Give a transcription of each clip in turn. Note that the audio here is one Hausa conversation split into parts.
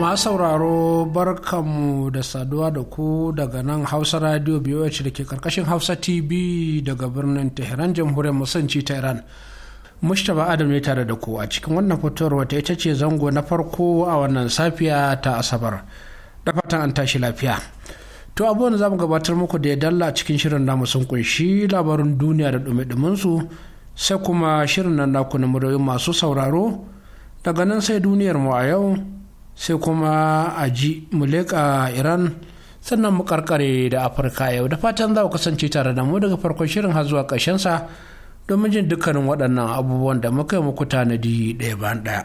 Ma sauraro barkanmu da saduwa da ku daga nan Hausa Radio BOH da ke karkashin Hausa TV daga birnin Tehran jamhuriyar musanci ta Iran. Mushtaba Adam ne tare da ku a cikin wannan fitowar wata ita ce zango na farko a wannan safiya ta Asabar. Da fatan an tashi lafiya. To abubuwan za mu gabatar muku da ya dalla cikin shirin namu sun kunshi labarin duniya da dumi su sai kuma shirin nan naku na muryoyin masu sauraro daga nan sai duniyar mu a yau sai kuma a ji mu leƙa iran sannan mu karkare da afirka yau da fatan za ku kasance tare da mu daga farkon shirin har zuwa ƙarshensa domin jin dukkanin waɗannan abubuwan da muka yi muku tanadi ɗaya bayan ɗaya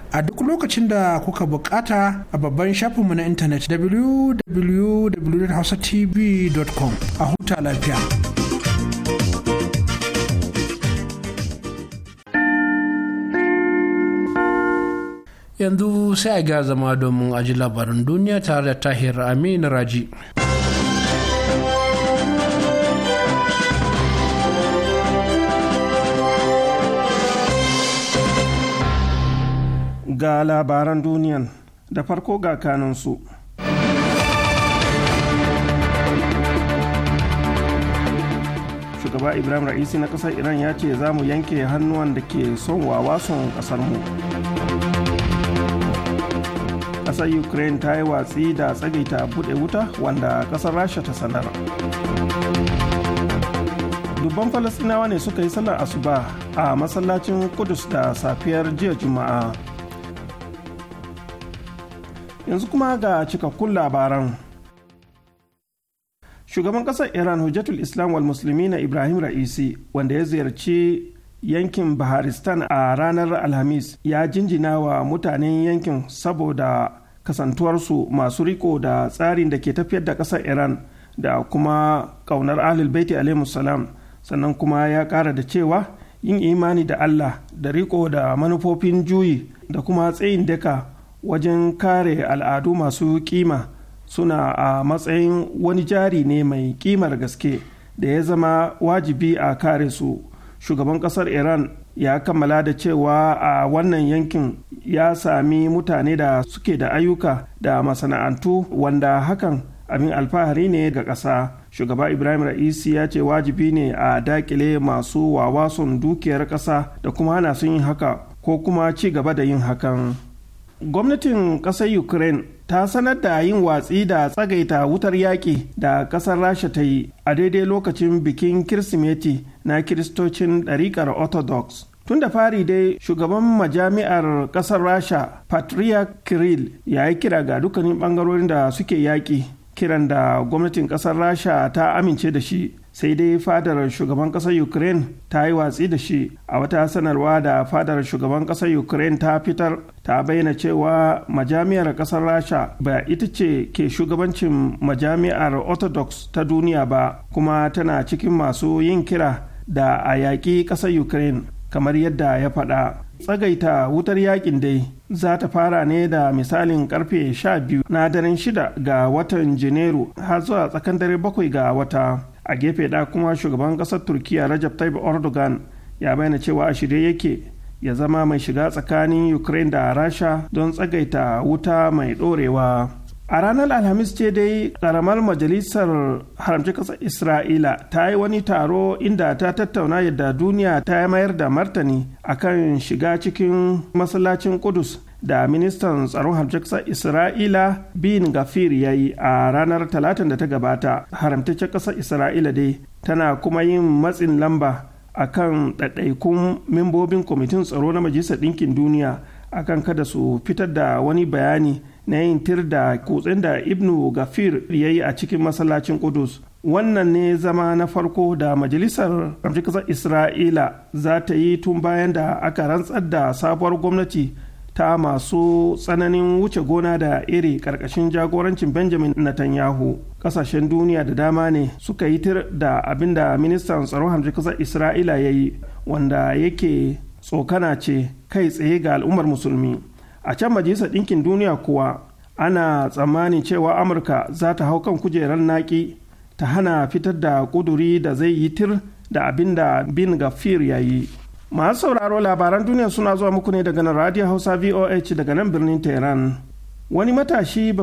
a duk lokacin da kuka bukata a babban shafinmu na intanet www.hausatv.com a huta lafiya. Yanzu sai a ga zama domin aji labarin duniya tare da Tahir Amin Raji. ga labaran duniyan da farko ga su shugaba ibrahim ra'isi na kasar iran ya ce za mu yanke hannuwan da ke son wawa son ƙasarmu. kasar ukraine ta yi watsi da ta buɗe wuta wanda ƙasar rasha ta sanar dubban Falasɗinawa ne suka yi sallar asuba a masallacin kudus da safiyar jiya juma'a yanzu kuma ga cikakkun labaran shugaban kasar iran hujjatul islam wal musulmi na ibrahim ra'isi wanda ya ziyarci yankin baharistan a ranar alhamis ya jinjina wa mutanen yankin saboda kasantuwarsu masu riko da tsarin da ke tafiyar da kasar iran da kuma kaunar ahlul baiti salam sannan kuma ya kara da cewa yin imani da allah da riko da manufofin juyi da kuma tsayin daka wajen kare al'adu masu kima suna a matsayin wani jari ne mai kimar gaske da ya zama wajibi a kare su shugaban kasar iran ya kammala da cewa a wannan yankin ya sami mutane da suke da ayyuka da masana'antu wanda hakan abin alfahari ne ga ƙasa shugaba ibrahim ra'isi ya ce wajibi ne a dakile masu wawason dukiyar ƙasa da kuma hana sun yi haka ko kuma ci gaba da yin hakan. gwamnatin ƙasar ukraine ta sanar da yin watsi da tsagaita wutar yaƙi da ƙasar rasha ta yi a daidai lokacin bikin kirsimeti na kiristocin ɗariƙar orthodox tun da fari dai shugaban majami'ar ƙasar rasha patriarch kirill ya yi kira ga dukkanin ɓangarorin da suke yaƙi kiran da gwamnatin ƙasar rasha ta amince da shi sai dai fadar shugaban ƙasar ukraine ta yi watsi da shi a wata sanarwa da fadar shugaban ƙasar ukraine ta fitar ta bayyana cewa majami'ar ƙasar rasha ba ita ce ke shugabancin majami'ar orthodox ta duniya ba kuma tana cikin masu yin kira da a yaƙi ƙasar ukraine kamar yadda ya faɗa tsagaita wutar yakin dai za ta fara ne da misalin karfe 12 na daren 6 ga watan janairu har zuwa tsakan dare 7 ga wata a gefe ɗaya kuma shugaban ƙasar turkiya rajab tayyip erdogan ya bayyana cewa a shirye yake ya zama mai shiga tsakanin ukraine da rasha don tsagaita wuta mai ɗorewa a ranar alhamis ce dai karamar majalisar haramci ƙasar isra'ila ta yi wani taro inda ta tattauna yadda duniya ta mayar da martani akan shiga cikin masallacin kudus da ministan tsaron harjaksa isra'ila bin gafir ya yi a ranar talatin da ta gabata haramtaccen ƙasar isra'ila dai tana kuma yin matsin lamba a kan ɗaiɗaikun membobin kwamitin tsaro na majalisar ɗinkin duniya akan kada su fitar da wani bayani na yin tir da kutsen da ibnu gafir ya yi a cikin masallacin kudus wannan ne zama na farko da majalisar ƙasar isra'ila za ta yi tun bayan da aka rantsar da sabuwar gwamnati ta masu tsananin wuce gona da iri karkashin jagorancin benjamin netanyahu kasashen duniya da dama ne suka yi tir da abin da ministan tsaron hamsin kasar isra'ila ya yi wanda yake tsokana ce kai tsaye ga al'ummar musulmi a can majalisar ɗinkin duniya kuwa ana tsammanin cewa amurka za ta hau kan kujerar naki ta hana fitar da ƙuduri da zai yi tir da abin da bin gafir ya yi masu sauraro labaran duniya suna zuwa muku ne daga nan radio hausa voh daga nan birnin tehran wani matashi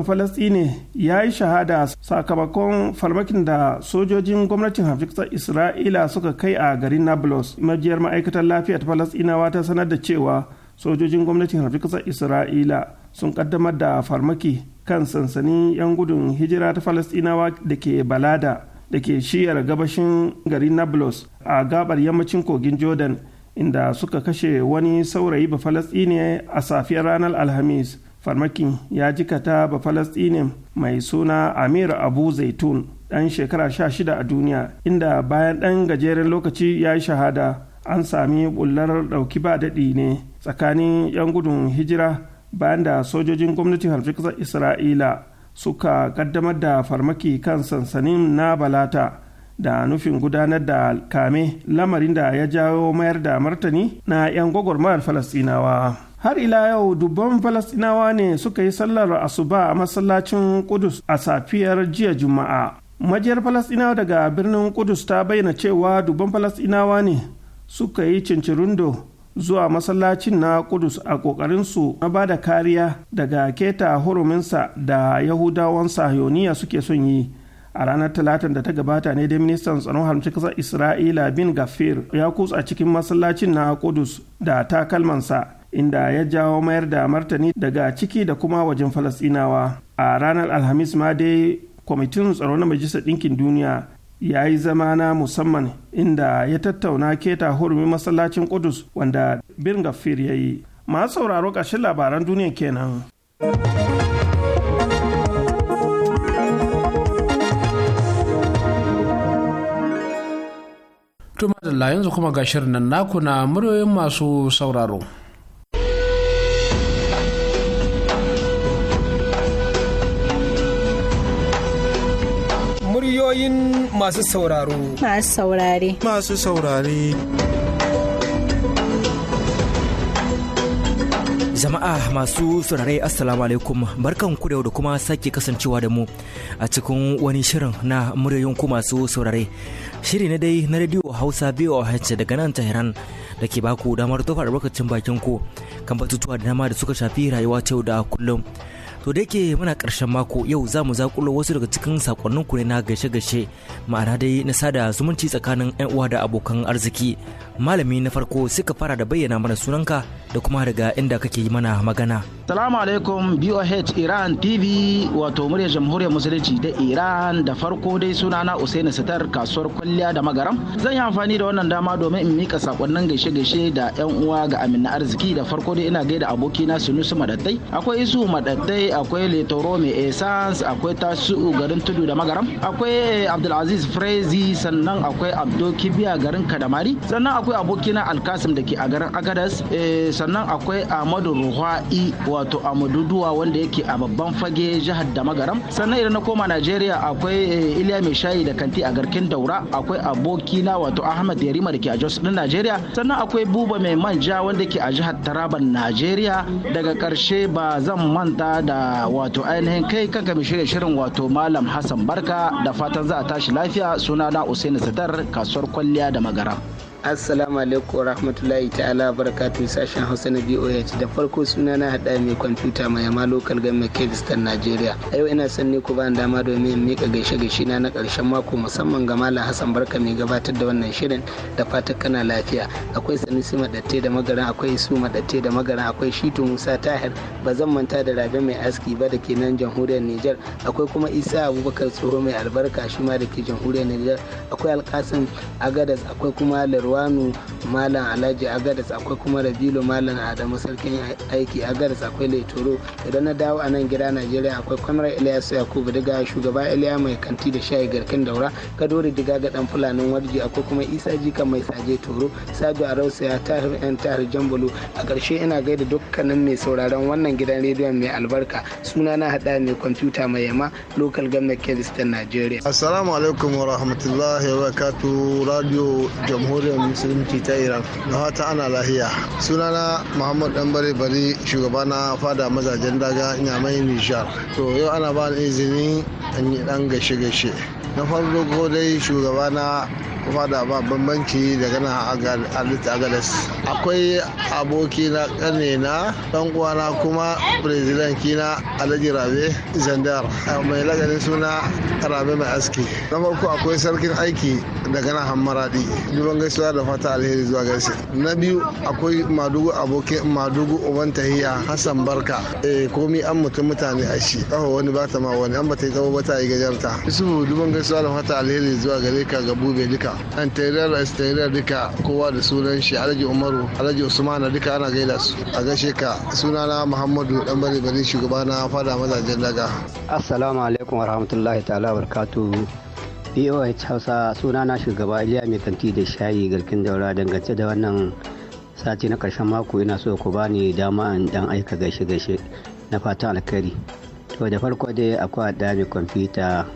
ne ya yi shahada sakamakon farmakin da sojojin gwamnatin hafizar isra'ila suka kai a garin nablus majiyar ma'aikatar lafiya ta falasɗinawa ta sanar da cewa sojojin gwamnatin hafizar isra'ila sun kaddamar da farmaki kan sansanin 'yan gudun hijira ta falasɗinawa da ke balada da ke shiyar gabashin garin nablus a gabar yammacin kogin jordan inda suka kashe wani saurayi bafalastine a safiyar ranar alhamis farmakin ya jikata bafalastine mai suna amir abu zaitun ɗan shekara sha shida a duniya inda bayan ɗan gajeren lokaci ya yi shahada an sami bullar ɗauki ba daɗi ne tsakanin 'yan gudun hijira bayan da sojojin gwamnatin harfikar isra'ila suka ƙaddamar da farmaki kan sansanin na balata da nufin gudanar da kame lamarin da ya jawo mayar da martani na 'yan gwagwarmayar falasɗinawa. har ila yau dubban falasɗinawa ne suka yi sallar asuba a masallacin kudus a safiyar jiya juma'a majiyar falastinawa daga birnin kudus ta bayyana cewa dubban falasɗinawa ne suka yi cincirundo zuwa masallacin na kudus a ƙoƙarinsu na ba da kariya daga keta huruminsa da yahudawan sahiyoniya suke son yi a ranar talatin da ta gabata ne dai ministan tsaron haramci kasar isra'ila bin gafir ya kutsa cikin masallacin na kudus da takalmansa inda ya jawo mayar da martani daga ciki da kuma wajen falasinawa a ranar alhamis ma dai kwamitin tsaro na majalisar ɗinkin duniya ya yi zama na musamman inda ya tattauna keta hurumin masallacin kudus wanda bin gafir ya yi masu sauraro ƙarshen labaran duniya kenan. Tuma da yanzu kuma ga shirin nan naku na muryoyin masu sauraro. Muryoyin masu sauraro. Masu saurare. Masu saurare. Jama'a masu saurare Assalamu alaikum barkan ku da kuma sake kasancewa da mu a cikin wani shirin na muryoyin ku masu saurare. Shiri na dai na radio Hausa biyu a daga nan Tehran da ke baku damar tofa lokacin bakin ku kan batutuwa da dama da suka shafi rayuwa ta yau da kullum. to da yake muna karshen mako yau za mu zakulo wasu daga cikin sakonnin ku na gashe-gashe ma'ana dai na sada zumunci tsakanin 'yan uwa da abokan arziki malami na farko suka fara da bayyana mana sunanka da kuma daga inda kake yi mana magana salamu alaikum boh iran tv wato muryar jamhuriyar musulunci da iran da farko dai suna na usaini sitar kasuwar kwalliya da magaram zan yi amfani da wannan dama domin in mika sakonnin gaishe-gaishe da 'yan uwa ga amina arziki da farko dai ina gaida abokina sunusu madattai akwai isu madattai akwai letoro mai essence akwai tasu garin tudu da magaram akwai eh, abdulaziz frezi sannan akwai abdo kibiya garin kadamari sannan akwai abokina alkasim da ke a garin agadas eh, sannan akwai amadu ruha'i wato amaduduwa wanda yake a babban fage jihar da magaram sannan idan na koma najeriya akwai eh, iliya mai shayi da kanti a garkin daura akwai abokina wato ahmad yarima da ke a jos din najeriya sannan akwai buba mai manja wanda ke a jihar taraban najeriya daga karshe ba zan manta da wato ainihin kai kanka mai shirya shirin wato Malam Hassan Barka da fatan za a tashi lafiya suna na Usaini sadar kasuwar kwalliya da magara. assalamu alaikum rahmatullahi ta'ala barakatu sashen hausa na boh da farko suna na hada mai kwamfuta mai yama local da kyrgyzstan nigeria a yau ina son ne ku ba dama domin in mika gaishe gaishe na na karshen mako musamman ga malam hassan barka mai gabatar da wannan shirin da fatan kana lafiya akwai su madatte da magaran akwai su madatte da magaran akwai shitu musa tahir ba zan manta da rabe mai aski ba da ke nan jamhuriyar niger akwai kuma isa abubakar tsoho mai albarka shi ma da ke jamhuriyar niger akwai alkasim agadas akwai kuma laro Marwanu Malam Alhaji Agadas akwai kuma Rabilu Malam Adamu Sarkin aiki Agadas akwai laitoro idan na dawo a nan gida Najeriya akwai Kwamrar Ilyasu Yakubu daga shugaba Iliya mai kanti da shayi garkin daura Kadori diga ga dan fulanin warji akwai kuma Isa Jika mai saje toro Sabi ya Tahir yan Tahir Jambulu a ƙarshe ina gaida dukkanin mai sauraron wannan gidan rediyon mai albarka suna na hada mai kwamfuta mai yama local government Kebbi Najeriya. Assalamu alaikum wa rahmatullahi wa barakatuh radio jamhuriyar addinin musulunci ta iran da fata ana lahiya sunana muhammad dan bare bari shugaba na fada mazajen daga nyamai nijar to yau ana ba ni izini an yi dan gashe gashe na farko dai shugaba na fada ba bambanci daga na alita agadas akwai aboki na kane na dan uwana kuma president kina alhaji rabe zandar mai lagarin suna rabe mai aski na farko akwai sarkin aiki daga na hammaradi duban gaisuwa gaisuwa da fata alheri zuwa gaishe na biyu akwai madugu aboki madugu uban tahiya hassan barka E komi an mutum mutane a shi kafa wani ba ta ma wani an ba ta yi tsawo ba ta yi gajarta yusufu duban gaisuwa da fata alheri zuwa gare ka ga bube duka an tayar da duka kowa da sunan shi alhaji umaru alhaji usman duka ana gaida su a gaishe ka sunana muhammadu dan bare bare shugaba na fada mazajen daga assalamu alaikum warahmatullahi ta'ala barkatu boh hausa sunana shugaba iliya mai kanti da shayi garkin daura dangance da wannan sati na karshen mako ina so ku bani dama in dan aika gaishe gaishe na fatan alkhairi to da farko dai akwai da mai kwamfuta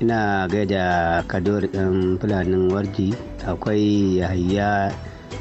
ina gaida kadori ɗin fulanin wardi akwai yahaya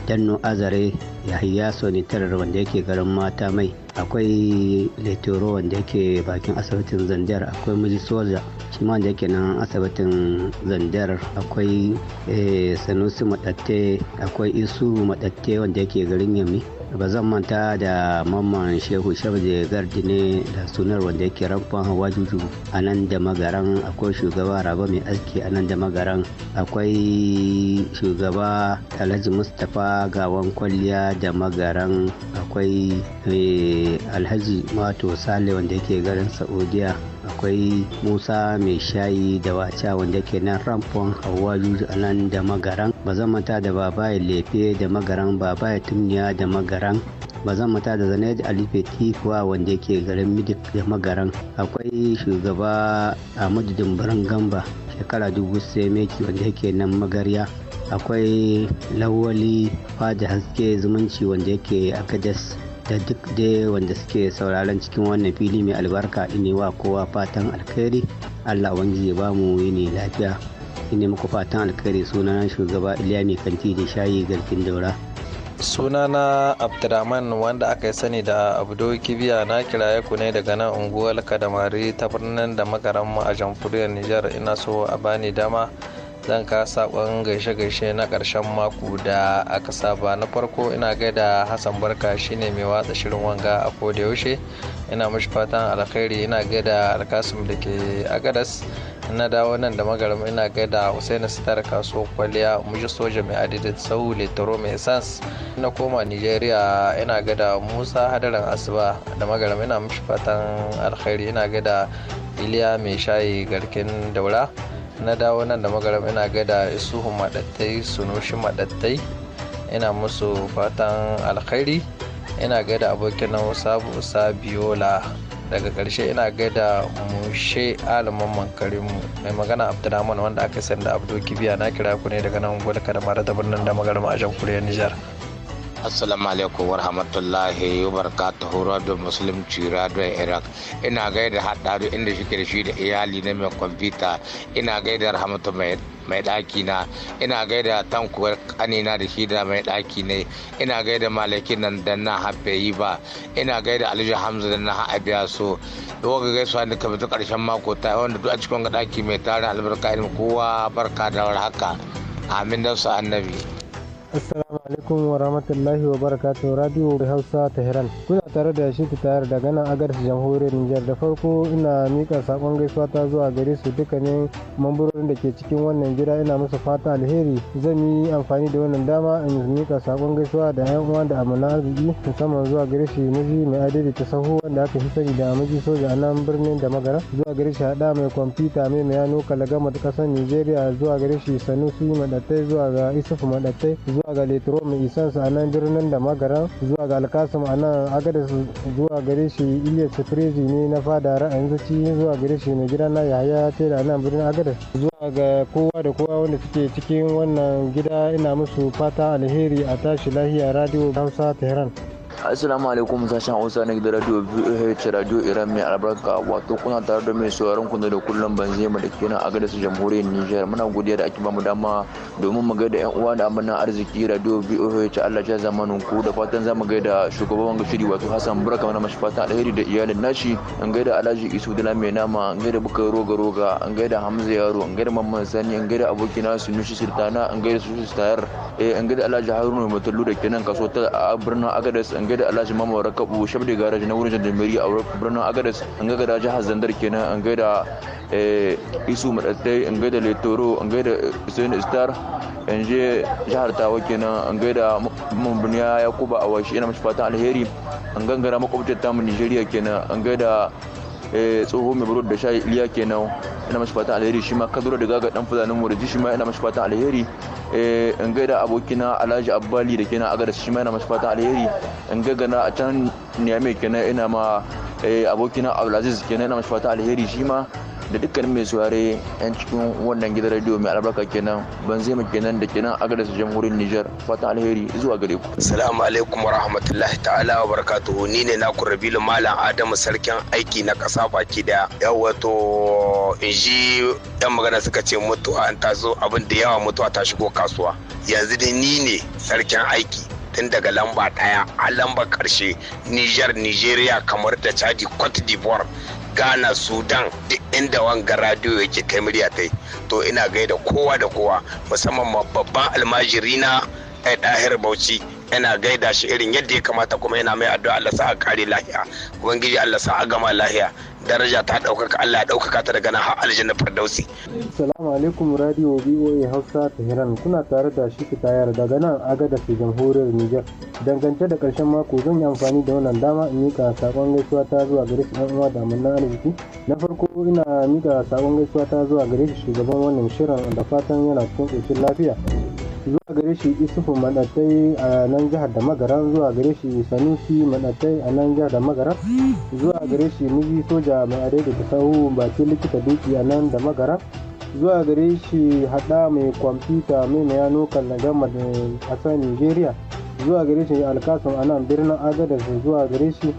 danno azare yahaya sonitar wanda yake garin mata mai akwai letoro wanda yake bakin asibitin zandar akwai miji soja shi ma wanda yake nan asibitin zandar akwai eh, sanusi madatte akwai isu madatte wanda yake garin yami ba zan manta da mamman shehu shabde gardi ne da sunar wanda yake ramfan hawa juju a nan da magaran akwai shugaba raba mai aski a nan da magaran akwai shugaba alhaji mustapha gawan kwalliya da magaran akwai eh, alhaji mato sale wanda yake garin saudiya akwai musa mai shayi da wacha wanda ke nan Rampon, hawa juju anan da magaran ba zan manta da Baba ya lefe da magaran Baba ya tumniya da magaran ba zan manta da zane da alife tifuwa wanda ke garin midik da magaran akwai shugaba a ahmadu dumbaran gamba shekara dubu sai meki wanda ke nan magarya akwai lawali fada haske zumunci wanda yake akadas da duk da wanda suke sauraron cikin wannan fili mai albarka ne wa kowa fatan alkhairi allah wani ya ba mu yi ne lafiya ne muku fatan alkhairi sunana shugaba iliya mai kanti da shayi garkin daura sunana abdulrahman wanda aka yi sani da abdo kibiya na kiraye ku ne daga nan unguwar kadamari ta birnin da magaran mu a jamhuriyar nijar ina so a bani dama zan ka sakon gaishe-gaishe na ƙarshen mako da aka saba na farko ina gaida hassan barka shine mai watsa shirin wanga a koda yaushe ina mashi fatan alkhairi ina gaida alkasim da ke agadas na dawo nan da magaram ina gaida hussein sitar kaso kwaliya muji soja mai adidit sau letaro mai sans na koma nigeria ina gaida musa hadarin asuba da magaram ina mashi fatan alkhairi ina gaida iliya mai shayi garkin daura na dawo nan da magaram ina gaida isuhu maɗattai sunushi maɗattai ina musu fatan alkhairi ina gaida abokin nan sabu sabiola daga ƙarshe ina gaida mushe aliman karimu mai magana abdulrahman wanda aka sanda abdul kibiya na kira ku ne daga nan gwada kadamara da birnin da a jamhuriyar nijar assalamu alaikum wa rahmatullahi wa barakatuhu radio muslim ci radio iraq ina gaida haɗaru inda shike da shi da iyali na mai kwamfuta ina gaida rahmatu mai ɗaki na ina gaida tankuwar kanina da shi da mai ɗaki ne ina gaida malakin nan da na haɓe yi ba ina gaida alhaji hamza da na haɓe so yau gaisuwa ne kamar ta ƙarshen mako ta wanda duk a cikin ɗaki mai tarin albarka ilmi kowa barka da haka amin da su annabi Assalamu alaikum wa rahmatullahi wa barakatuh Radio Hausa Tehran. Kuna tare da shi ta tayar daga nan agarsu jamhuriyar niger da farko ina mika sakon gaisuwa ta zuwa gare su dukkanin mamburorin da ke cikin wannan gida ina musu fata alheri. Zan yi amfani da wannan dama in mika sakon gaisuwa da yan uwa da amana arziki musamman zuwa gare shi miji mai adadi ta sahu wanda aka fi sani da miji soja a nan birnin da magara zuwa gare shi hada mai kwamfuta mai mayano kalagama ta kasar nigeria zuwa gare shi Sanusi Madattai zuwa ga Isufu Madattai zuwa ga letro mai isansu a nan birnin da magaran zuwa ga alkasum a nan agadis zuwa gare shi iliya sifirezi ne na fada ra'ayin zaci zuwa gare shi mai gida na yahaya ce da nan birnin agadis zuwa ga kowa da kowa wanda suke cikin wannan gida ina musu fata alheri a tashi lahiya radio hausa tehran Assalamu alaikum sashen Hausa na gidan radio VOH radio Iran mai albarka wato kuna tare da mai sauraron ku da kullum ban zai mu da nan a gadar jamhuriyar Nijar muna godiya da ake mu dama domin mu gaida yan uwa da amana arziki radio VOH Allah ya zamanin ku da fatan zamu gaida shugaban shiri wato Hassan Buraka mana mashi fatan alheri da iyalin nashi an gaida Alhaji Isu Dala mai nama an gaida Buka Roga Roga an gaida Hamza Yaro an gaida Mamman Sani an gaida abokina Nushi Sultana an gaida Sunushi Tayar eh, an gaida Alhaji Haruna Matullu da kenan kaso ta a birnin Agadez an an da alhaji mamman rakabu shabda garaji na wurin jandarmeri a birnin agadas an gada jihar zandar kenan an da eh, isu madaddai an da letoro an da hussein star an je jihar tawa kenan an da mambuniya yakuba a washe ina mashi fatan alheri an gangara makwabtar tamu nigeria kenan an da. Eh, tsoho mai burod da shayi iliya kenan ina mashi fatan alheri shi ma kadura da gaga dan fulanin murji shi ma ina mashi fatan alheri eh, in gaida abokina alhaji abbali da kenan agadas shi ma ina mashi fatan alheri in gaggana a can niyame kenan ina ma Eh, abokina abdulaziz kenan ina mashi fata alheri shi ma da dukkanin mai saurare yan cikin wannan gidan radio mai albarka kenan ban zai kenan da kenan a gadasa jamhuriyar Nijar fata alheri zuwa gare ku. Assalamu alaikum wa rahmatullahi ta'ala wa barakatuhu ni ne naku Rabilu Malam Adamu sarkin aiki na kasa baki da yawa to in ji yan magana suka ce mutuwa an taso abin da yawa mutuwa ta shigo kasuwa yanzu da ni ne sarkin aiki tun daga lamba ɗaya a lamba ƙarshe Niger, Nigeria kamar da Chadi, Cote d'Ivoire, Ghana, Sudan duk inda wanga radio yake kai murya tai. To ina gaida kowa da kowa musamman ma babban almajiri na ɗahir eh, Bauchi. yana gaida shi irin yadda ya kamata kuma yana mai addu'a Allah sa a kare lahiya ubangiji Allah sa a gama lahiya daraja ta ɗaukaka Allah ya ɗaukaka ta daga nan har aljanna firdausi assalamu alaikum radio BOA Hausa Tehran kuna tare da shi ta yar daga nan aga da jamhuriyar Niger dangance da karshen mako zan yi amfani da wannan dama in mika sakon gaisuwa ta zuwa gare shi ɗan uwa da amannan arziki na farko ina mika sakon gaisuwa ta zuwa gare shi shugaban wannan shirin da fatan yana cikin ƙoshin lafiya zuwa gare shi isufu madatai a nan jihar da magara zuwa gare shi sanusi madatai a nan jihar da magara zuwa gare shi miji soja mai adai da sahu baki likita duki a nan da magara zuwa gare shi hada mai kwamfuta mai na yano kallagama da kasar nigeria zuwa gare shi alkasan a nan birnin agadar zuwa gare shi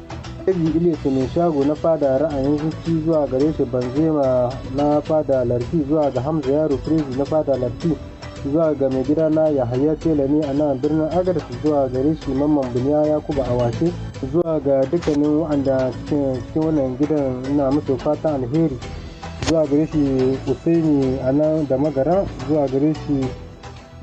Eji Ilyasu mai shago na fada ra'ayin zuci zuwa gare shi Banzema na fada larki zuwa ga Hamza Yaro Prezi na fada larki zuwa ga mai gidana ya hayya tela ne a nan birnin agadas zuwa gare shi mamman buniya a awashe zuwa ga dukkanin wanda cikin wannan gidan na musu fatan alheri zuwa gare shi usaini a nan da magara zuwa gare shi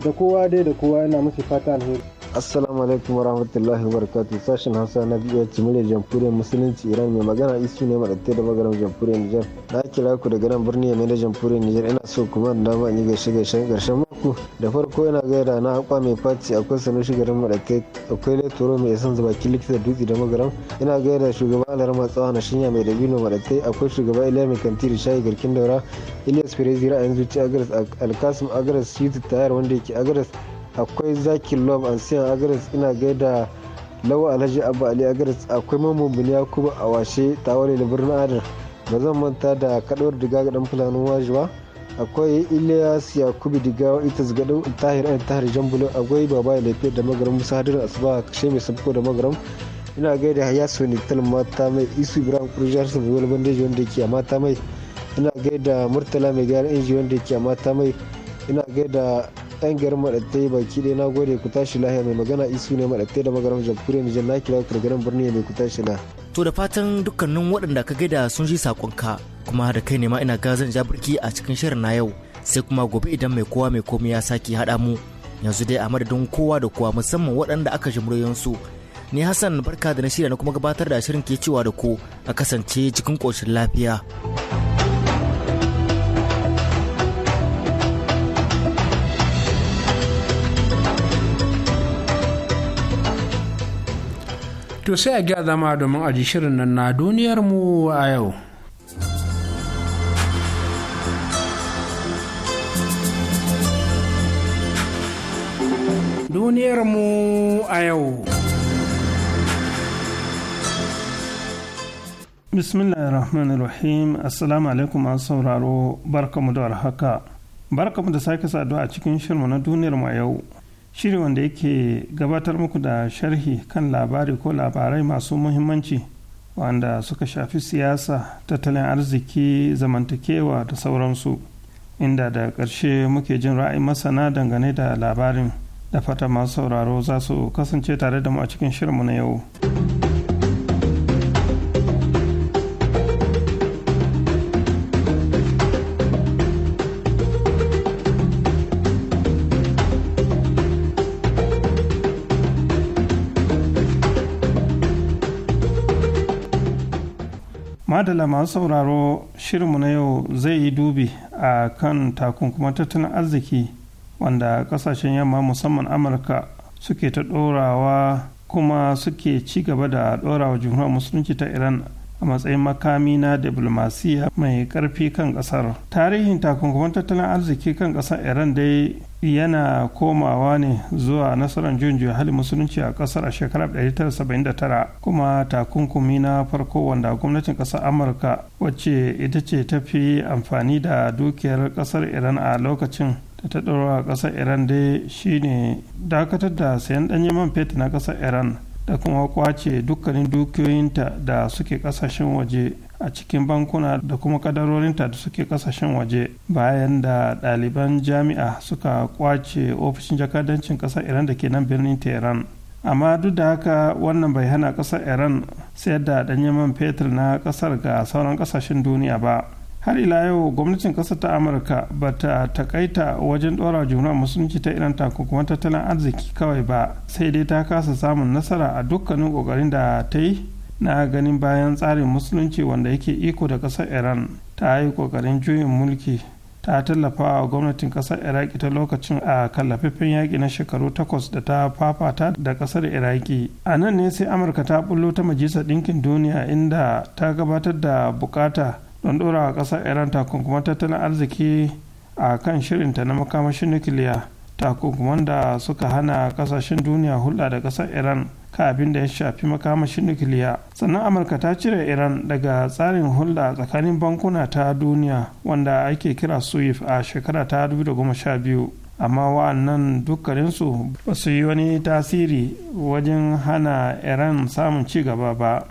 da kowa dai da kowa yana musu fata alheri assalamu alaikum warahmatullahi wabarakatuh sashen hausa na biyu wacce muryar jamhuriyar musulunci iran mai magana isu ne maɗaɗe da magaran jamhuriyar nijar na kira ku daga nan birni mai da jamhuriyar nijar ina so kuma da dama in yi gaishe gaishen ƙarshen mako da farko ina gaida na akwa mai faci akwai sanu shugaban maɗaɗe akwai letoro mai son zuba da dutse da magaram ina gaida shugaba alar matsawa na shinya mai dabino maɗaɗe akwai shugaban iliya mai kantiri shayi garkin daura ilyas firezi yanzu ci agres alkasim agres shi tayar wanda yake agres akwai zaki love and siyan agres ina gaida lawa alhaji abba ali agres akwai mamumin yakubu a washe tawale da birnin adar ba zan manta da kaɗuwar diga ga ɗan fulanin wajewa akwai ilyas yakubu diga itas dau tahir an tahir jambulo akwai baba lafiya da magaram musa hadir asuba kashe mai sabko da magaram ina gaida haya sonital mata mai isu ibrahim kurjar sun mai bandeji wanda ke a mata mai ina gaida murtala mai gyara inji wanda ke a mata mai ina gaida kungiyar maɗattai baki ɗaya na gode ku tashi lahiya mai magana isu ne maɗattai da magaram jamhuriyar mai na kira ku garin birni mai ku tashi lahiya. to da fatan dukkanin waɗanda ka gaida sun ji saƙonka kuma da kai ne ma ina gazan birki a cikin shirin na yau sai kuma gobe idan mai kowa mai komai ya sake haɗa mu yanzu dai a madadin kowa da kowa musamman waɗanda aka ji su ni hassan barka da na shirya na kuma gabatar da shirin ke cewa da ku a kasance cikin ƙoshin lafiya. to sai a gya zama domin a ji shirin nan na duniyarmu a yau duniyarmu a yau ar-Rahim assalamu alaikum an sauraro barkamu da warhaka barkamu da sake saduwa a cikin shirmu na duniyar mu a yau shiri wanda yake gabatar muku da sharhi kan labari ko labarai masu muhimmanci wanda suka shafi siyasa tattalin arziki zamantakewa da sauransu inda da ƙarshe muke jin ra'ayin masana dangane da labarin da fata masu sauraro za su kasance tare da mu a cikin shirinmu na yau. adala masu sauraro shirinmu na yau zai yi dubi a kan takunkuman tattalin arziki wanda kasashen yamma musamman amurka suke ta ɗorawa kuma suke ci gaba da ɗorawa jumhuriyar musulunci ta iran a matsayin makami na diplomasiya mai karfi kan kasar tarihin takunkuman tattalin arziki kan kasar iran dai yana komawa ne zuwa nasarar junjiya hali musulunci a kasar a shekarar 1979 kuma takunkumi na farko wanda gwamnatin kasar amurka wacce ita ce ta fi amfani da dukiyar kasar iran a lokacin da ta ɗora kasar iran dai shine dakatar da sayan ɗanyen man fetur na kasar iran da kuma kwace dukkanin dukiyoyinta da suke kasashen waje a cikin bankuna da kuma kadarorinta da suke kasashen waje bayan da ɗaliban jami'a suka kwace ofishin jakadancin ƙasar iran da ke nan birnin tehran amma duk da haka wannan bai hana ƙasar iran sayar da ɗanyen man fetur na ƙasar ga sauran ƙasashen duniya ba har ila yau gwamnatin ƙasar ta amurka ba ta takaita wajen dora juna musulunci ta iran takunkuman tattalin arziki kawai ba sai dai ta kasa samun nasara a dukkanin ƙoƙarin da ta yi na ganin bayan tsarin musulunci wanda yake iko da ƙasar iran ta yi ƙoƙarin juyin mulki ta tallafa wa gwamnatin kasar iraki ta lokacin a kallafaffen yaƙi na shekaru takwas da ta fafata da kasar iraki a nan ne sai amurka ta bullo ta majalisar ɗinkin duniya inda ta gabatar da bukata don dora a ƙasar iran takunkuman tattalin arziki a kan shirinta na makamashin nukiliya takunkuman da suka hana ƙasashen duniya hulɗa da ƙasar iran ka abin da ya shafi makamashin nukiliya sannan amurka ta cire iran daga tsarin hulɗa tsakanin bankuna ta duniya wanda ake kira suif a shekara ta 2012 amma wa'annan dukkaninsu ba su yi wani tasiri wajen hana iran samun ci gaba ba.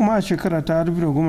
kuma a shekara ta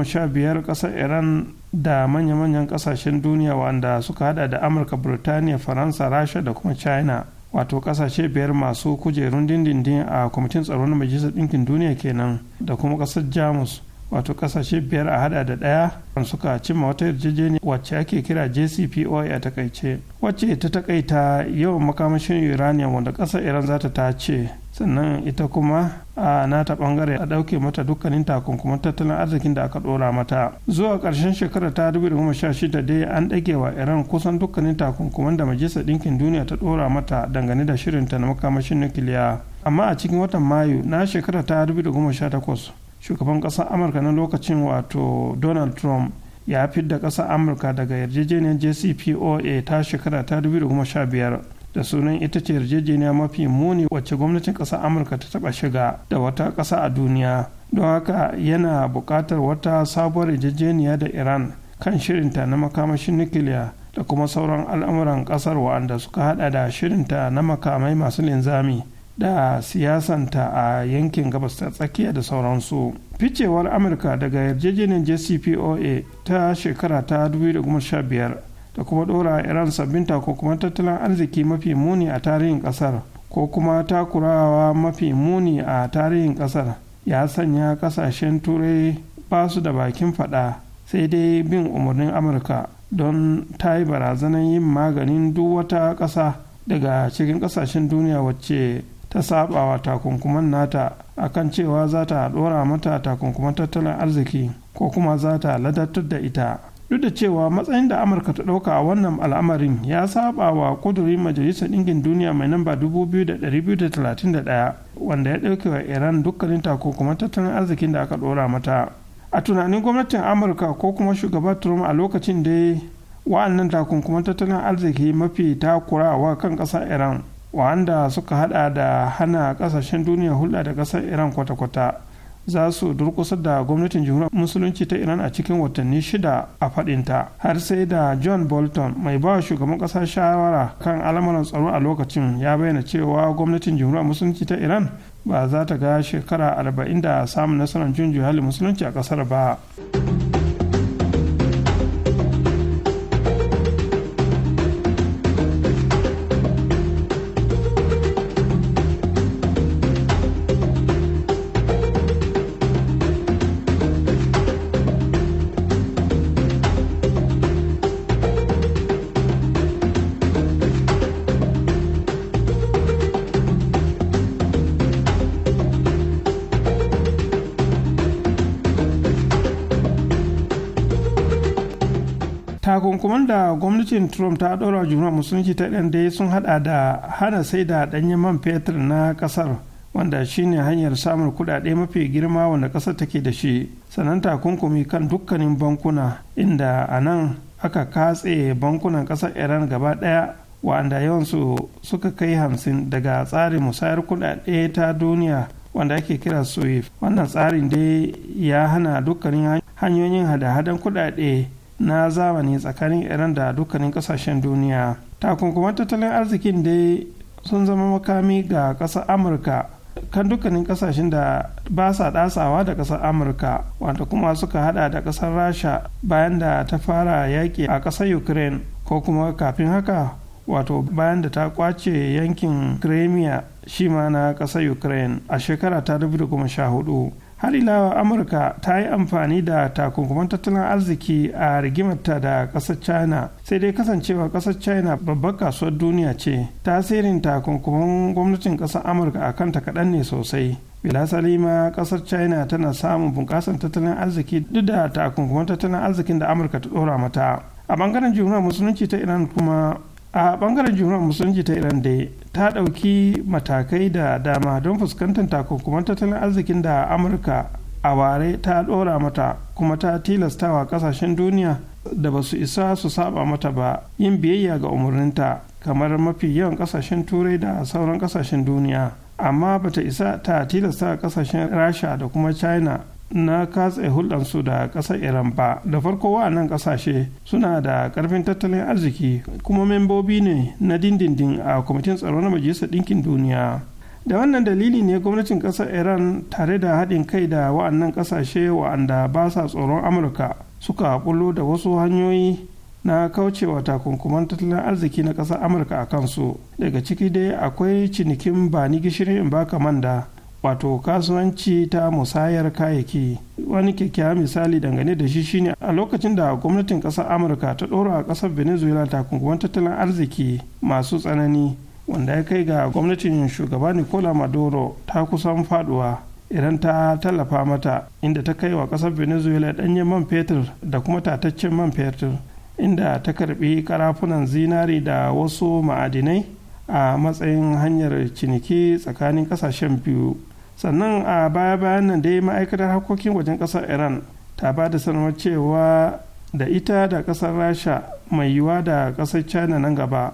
sha biyar kasar iran da manya-manyan kasashen duniya wanda suka hada da amurka birtaniya faransa rasha da kuma china wato kasashe biyar masu kujerun dindindin a kwamitin tsaro na majalisar ɗinkin duniya kenan da kuma kasar jamus wato kasashe biyar a hada da daya suka cimma wata yarjejeniya wacce ake kira jcpoa a takaice wacce ta takaita yawan makamashin uranium wanda kasar iran za ta ce. sannan ita kuma a nata bangare a ɗauke mata dukkanin takunkuman tattalin arzikin da aka ɗora mata zuwa karshen shekara ta 2016 dai an dage wa iran kusan dukkanin takunkuman da majalisar ɗinkin duniya ta ɗora mata dangane da shirin ta na makamashin nukiliya amma a cikin watan mayu na shekara ta 2018 shugaban ƙasar amurka na lokacin wato donald trump ya da ƙasar amurka daga yarjejeniyar jcpoa ta shekara ta 2015 da sunan ita ce yarjejeniya mafi muni wacce gwamnatin ƙasar amurka ta taɓa shiga da wata ƙasa a duniya don haka yana buƙatar wata sabuwar yarjejeniya da iran kan shirinta na makamashin nukiliya da kuma sauran al'amuran ƙasar wa'anda suka hada da shirinta na makamai masu linzami da siyasanta a yankin gabas ta tsakiya da sauransu ficewar amurka daga yarjejeniyar jcpoa ta shekara ta 2015 da kuma ɗora iran sabbin takunkuman tattalin arziki mafi muni a tarihin ƙasar ko kuma takurawa mafi muni a tarihin ƙasar ya sanya ƙasashen turai ba su da bakin faɗa sai dai bin umarnin amurka don ta yi barazanar yin maganin duk wata ƙasa daga cikin ƙasashen duniya wacce ta sabawa takunkuman nata a kan cewa za ta ɗora mata takunkuman tattalin arziki ko kuma za ta ladattar da ita duk da cewa matsayin da amurka ta ɗauka a wannan al'amarin ya saba wa kudurin majalisar ɗingin duniya mai namba 2231 wanda ya ɗauke wa iran dukkanin takunkuman tattalin arzikin da aka ɗora mata a tunanin gwamnatin amurka ko kuma shugaba trump a lokacin da wa'annan takunkuman tattalin arziki mafi takurawa kan ƙasar iran wa'anda suka hada da hana ƙasashen duniya hulɗa da ƙasar iran kwata-kwata za su durkusa da gwamnatin jamhuriyar musulunci ta iran a cikin watanni shida a fadinta har sai da john bolton mai ba shugaban kasa shawara kan al'amuran tsaro a lokacin ya bayyana cewa gwamnatin jamhuriyar musulunci ta iran ba za ta ga shekara arba'in da samun nasarar jin musulunci a kasar ba. gwamnatin trump ta ɗora juna musulunci ta ɗan dai sun hada da hana sai da ɗanyen man fetur na ƙasar wanda shine hanyar samun kuɗaɗe mafi girma wanda ƙasar take da shi sannan takunkumi kan dukkanin bankuna inda a nan aka katse bankunan ƙasar iran gaba ɗaya wa'anda yawansu suka kai hamsin daga tsarin musayar kuɗaɗe ta duniya wanda ake kira swift wannan tsarin dai ya hana dukkanin hanyoyin hada-hadan kuɗaɗe na zamani tsakanin iran da dukkanin kasashen duniya takunkuman tattalin arzikin dai sun zama makami ga ƙasar amurka kan dukkanin kasashen da ba sa dasawa da ƙasar amurka wanda kuma suka hada da ƙasar rasha bayan da ta fara yaƙi a ƙasar ukraine ko kuma kafin haka wato bayan da ta kwace yankin kremia shi ma na ƙasar ukraine a shekara ta 2014 har ilawa amurka ta yi amfani da takunkuman tattalin arziki a rigimarta da ƙasar china sai dai kasancewa ƙasar china babbar kasuwar duniya ce tasirin takunkuman gwamnatin ƙasar amurka a kanta kaɗan ne sosai bila salima ƙasar china tana samun bunƙasar tattalin arziki duk da takunkuman tattalin arzikin da amurka ta ɗora mata a bangaren jumhuriyar musulunci ta iran kuma a bangaren juna musulunci ta iran da ta ɗauki matakai da dama don fuskantar takunkuman tattalin arzikin da amurka a ware ta ɗora mata kuma ta tilastawa ƙasashen duniya da ba su isa su saba mata ba yin biyayya ga umarninta kamar mafi yawan ƙasashen turai da sauran ƙasashen duniya amma bata isa ta tilasta ƙasashen rasha da kuma china na katse su da ƙasar iran ba da farko wa'annan ƙasashe suna da ƙarfin tattalin arziki kuma membobi ne na dindindin a kwamitin tsaro na majalisar ɗinkin duniya da wannan dalili ne gwamnatin ƙasar iran tare da haɗin kai da wa'annan ƙasashe wa'anda ba sa tsoron amurka suka bullo da wasu hanyoyi na kaucewa takunkuman tattalin arziki na ƙasar amurka a kansu daga ciki dai akwai cinikin bani gishirin in baka manda wato kasuwanci ta musayar kayayyaki wani kyakkyawan misali dangane da shi shine a lokacin da gwamnatin ƙasar amurka ta ɗora a ƙasar venezuela takunkuman tattalin arziki masu tsanani wanda ya kai ga gwamnatin shugaba nicola maduro ta kusan faduwa idan ta tallafa mata inda ta kai wa ƙasar venezuela ɗanyen man fetur da kuma tataccen man fetur inda ta karbi karafunan zinari da wasu ma'adinai a matsayin hanyar ciniki tsakanin ƙasashen biyu sannan a baya bayan nan dai ma'aikatar harkokin wajen ƙasar iran ta ba da sanarwar cewa da ita da ƙasar rasha mai yiwuwa da ƙasar china nan gaba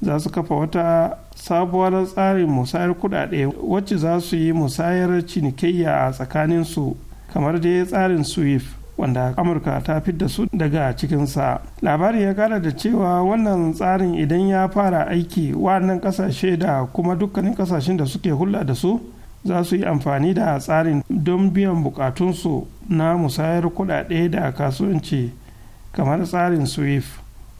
za su kafa wata sabuwar tsarin musayar kudade wacce za su yi musayar cinikayya a tsakanin su kamar dai tsarin swift wanda amurka ta fi da su daga cikinsa labari ya kara da cewa wannan tsarin idan ya fara aiki waɗannan ƙasashe da kuma dukkanin ƙasashen da suke hulɗa da su za su yi amfani da tsarin don biyan bukatunsu na musayar kudade da kasuwanci kamar tsarin swift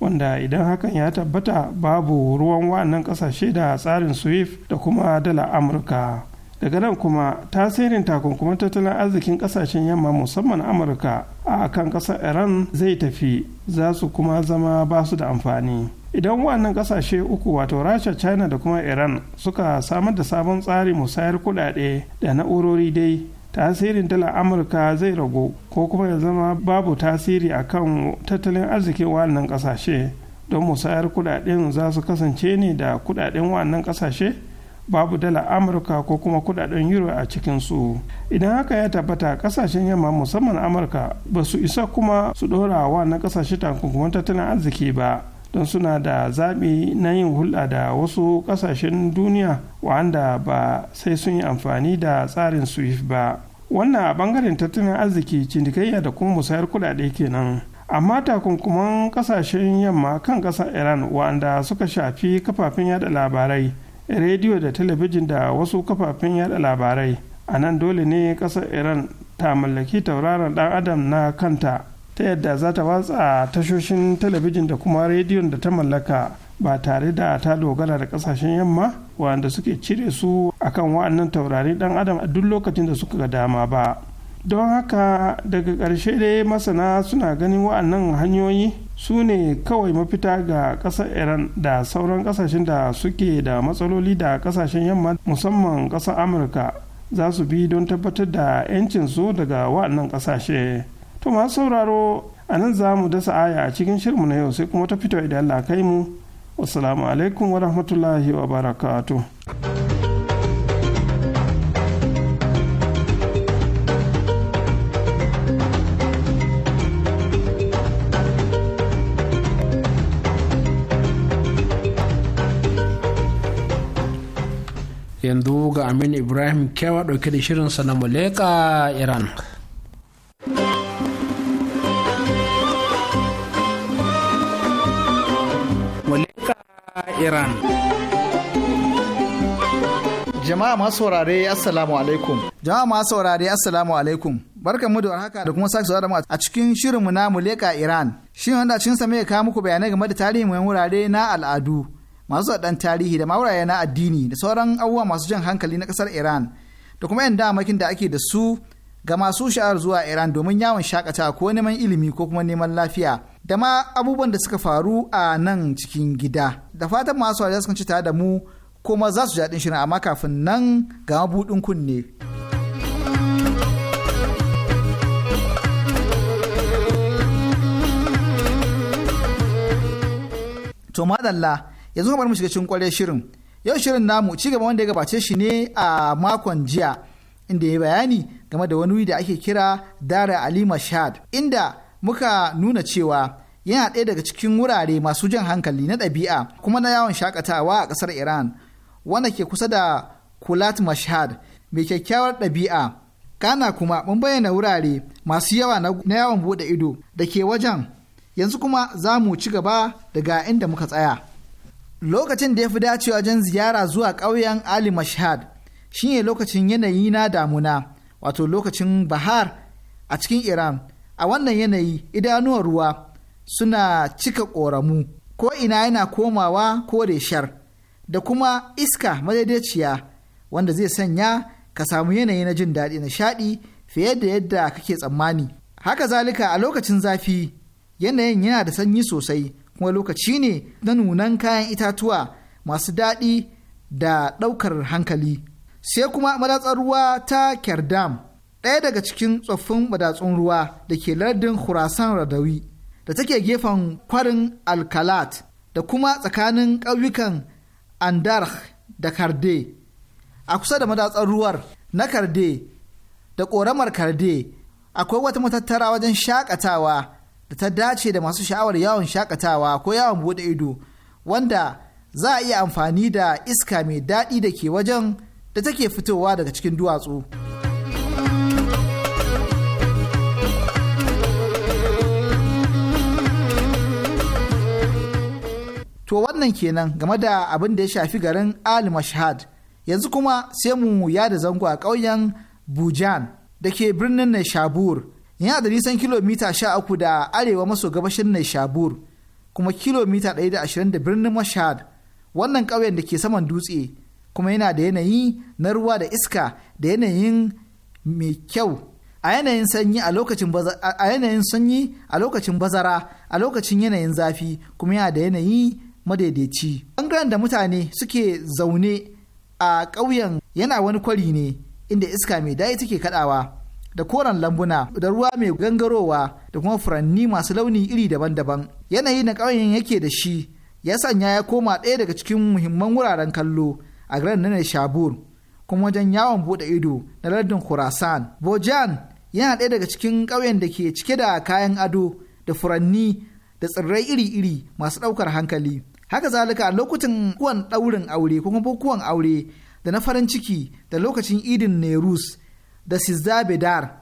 wanda idan hakan ya tabbata babu ruwan wannan kasashe da tsarin swift da kuma dala amurka daga nan kuma tasirin takunkumin tattalin arzikin kasashen yamma musamman amurka a kan kasar iran zai tafi za su kuma zama basu da amfani. idan wannan kasashe uku wato rasha china da kuma iran suka samar da sabon tsari musayar kudade da na'urori dai tasirin dala amurka zai ragu ko kuma ya zama babu tasiri akan tattalin arzikin wannan kasashe don musayar kudaden za su kasance ne da kudaden wannan kasashe babu dala amurka ko kuma kudaden euro a cikinsu idan haka ya tabbata kasashen yamma musamman amurka ba su isa kuma su dora wa na kasashe takunkuman tattalin arziki ba don suna da zaɓi na yin hulɗa da wasu ƙasashen duniya wanda ba sai sun yi amfani da tsarin swift ba wannan a ɓangaren tattalin arziki cinikayya da kuma musayar kuɗaɗe kenan amma takunkuman ƙasashen yamma kan ƙasar iran wanda suka shafi kafafen yada labarai rediyo da talabijin da wasu kafafen yada labarai a nan dole ne ƙasar iran ta mallaki tauraron ɗan adam na kanta ta yadda za ta watsa tashoshin talabijin da kuma rediyon da ta mallaka ba tare da ta dogara da kasashen yamma wanda suke cire su akan wa'annan taurari dan adam a duk lokacin da suka ga dama ba don haka daga ƙarshe dai masana suna ganin wa'annan hanyoyi su ne kawai mafita ga ƙasar iran da sauran ƙasashen da suke da matsaloli da ƙasashen yamma musamman ƙasar amurka za su bi don tabbatar da 'yancinsu daga wa'annan ƙasashe. to masu sauraro a nan za mu dasa aya a cikin shirmu na yau sai kuma ta fito idan Allah kai mu wassalamu alaikum wa rahmatullahi wa barakatuh yanzu ga aminu ibrahim kewa dauke da shirinsa na muleka iran iran jama'a masu saurare assalamu alaikum jama'a masu saurare assalamu alaikum barkan mu da warhaka da kuma sake da mu a cikin shirinmu na muleka iran shin wanda cin sa mai kawo muku bayanai game da tarihi mai wurare na al'adu masu dan tarihi da mawuraye na addini da sauran abubuwa masu jan hankali na kasar iran da kuma yan damakin da ake da su ga masu sha'ar zuwa iran domin yawon shakata ko neman ilimi ko kuma neman lafiya da ma abubuwan da suka faru a nan cikin gida da fatan masu wajen sun ci tare da mu kuma za su jaɗin shirin amma kafin nan ga mabuɗin kunne. To madalla yanzu kamar mu shiga cikin kwarai shirin. Yau shirin namu ci gaba wanda ya gabace shi ne a makon jiya inda ya bayani game da wani wuri da ake kira Dara Ali Mashad inda muka nuna cewa yana ɗaya daga cikin wurare masu jan hankali na ɗabi'a kuma na yawon shakatawa a ƙasar Iran wanda ke kusa da Kulat Mashhad mai kyakkyawar ɗabi'a. Kana kuma mun bayyana wurare masu yawa na yawon buɗe ido da ke wajen yanzu kuma za mu ci gaba daga inda muka tsaya. Lokacin da ya fi dacewa wajen ziyara zuwa ƙauyen Ali Mashhad shine lokacin yanayi na damuna wato lokacin bahar a cikin Iran a wannan yanayi idanuwar ruwa suna cika ƙoramu ko ina yana komawa kore shar da kuma iska madaidaiciya wanda zai sanya ka samu yanayi na jin daɗi na shaɗi fiye da yadda kake tsammani haka zalika a lokacin zafi yanayin yana da sanyi sosai kuma lokaci ne na nunan kayan itatuwa masu daɗi da ɗaukar hankali sai kuma madatsar ruwa ta kyardam ɗaya daga cikin tsoffin madatsun ruwa da ke lardin khurasan radawi da take gefen kwarin alkalat da kuma tsakanin ƙauyukan andarh da karde a kusa da madatsar ruwar na karde da ƙoramar karde akwai wata matattara wajen shakatawa da ta dace da masu sha'awar yawon shakatawa ko yawon buɗe ido wanda za a iya amfani da iska mai daɗi da ke wajen da take fitowa daga cikin duwatsu. wannan kenan game da abin da ya shafi garin al mashhad yanzu kuma sai mu yada zango a ƙauyen bujan da ke birnin nishabur yana da nisan kilomita sha uku da arewa maso gabashin nishabur kuma kilomita ɗaya da ashirin da birnin mashhad wannan ƙauyen da ke saman dutse kuma yana da yanayi na ruwa da iska da yanayin mai kyau a yanayin sanyi a lokacin a yanayin sanyi a lokacin bazara a lokacin yanayin zafi kuma yana da yanayi madaidaici bangaren da mutane suke zaune a ƙauyen yana wani kwari ne inda iska mai dayi take kaɗawa da koren lambuna da ruwa mai gangarowa da kuma furanni masu launi iri daban-daban yanayi na ƙauyen yake da shi ya sanya ya koma ɗaya daga cikin muhimman wuraren kallo a garin na shabur kuma wajen yawon buɗe ido na lardin khurasan bojan yana ɗaya daga cikin ƙauyen da ke cike da kayan ado da furanni da tsirrai iri-iri masu ɗaukar hankali haka zalika a lokutan kuwan ɗaurin aure ko kuma bukuwan aure da na farin ciki da lokacin idin nerus da sizzabedar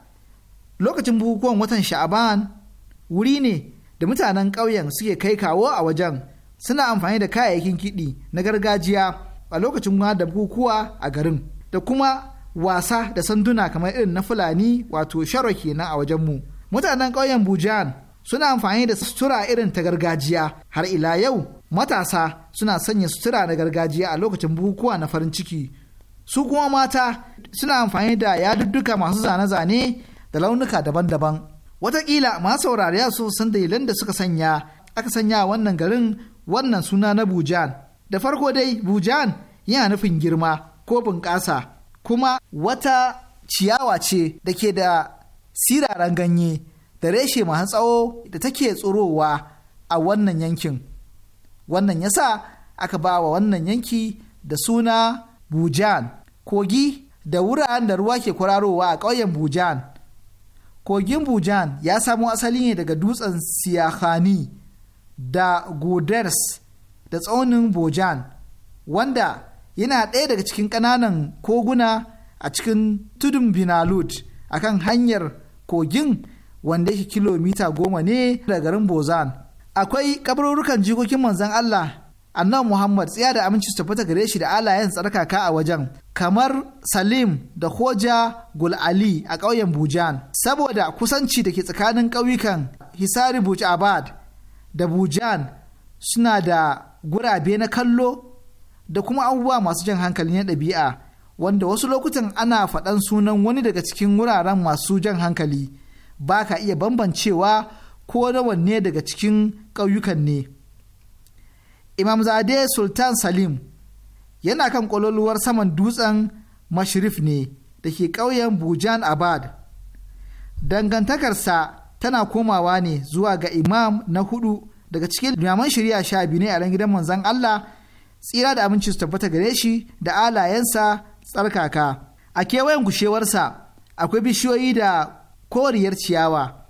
lokacin bukukuwan watan sha'aban wuri ne da mutanen ƙauyen suke kai kawo a wajen suna amfani da kayayyakin kiɗi na gargajiya a lokacin da bukukuwa a garin da kuma wasa da sanduna kamar irin na fulani wato sharo kenan a wajen mu mutanen ƙauyen bujan suna amfani da sutura irin ta gargajiya har ila yau matasa suna sanya sutura na gargajiya a lokacin bukukuwa na farin ciki su kuma mata suna amfani da yadudduka masu zane-zane da launuka daban-daban watakila masu saurari su san dalilan da suka sanya aka sanya wannan garin wannan suna na bujan da farko dai bujan yana nufin girma ko bunƙasa kuma wata ciyawa ce da ke da siraran ganye da reshe masu tsawo da take tsorowa a wannan yankin wannan ya sa aka ba wa wannan yanki da suna bujan kogi da wuraren da ruwa ke kwararowa a ƙauyen bujan kogin bujan ya samo asali ne daga dutsen siyahani da goders da tsaunin bujan wanda yana ɗaya daga cikin ƙananan koguna a cikin tudun binalud a kan hanyar kogin wanda yake kilomita goma ne daga garin bozan akwai kabarurukan jikokin manzan Allah annabi Muhammad tsaya da aminci su tafi gare shi da alayen tsarkaka a wajen kamar Salim da Hoja Gul Ali a ƙauyen Bujan saboda kusanci da ke tsakanin ƙauyukan Hisari Abad da Bujan suna da gurabe na kallo da kuma abubuwa masu jan hankali na ɗabi'a wanda wasu lokutan ana faɗan sunan wani daga cikin wuraren masu jan hankali ba ka iya bambancewa ko ne daga cikin ƙauyukan ne imam zade sultan salim yana kan ƙwaloluwar saman dutsen mashrif ne da ke ƙauyen bujan abad dangantakarsa tana komawa ne zuwa ga imam na hudu daga cikin limaman shari'a sha biyu ne a ran gidan manzon allah tsira da aminci su tabbata gare shi da alayensa tsarkaka a kewayen gushewarsa akwai bishiyoyi da koriyar ciyawa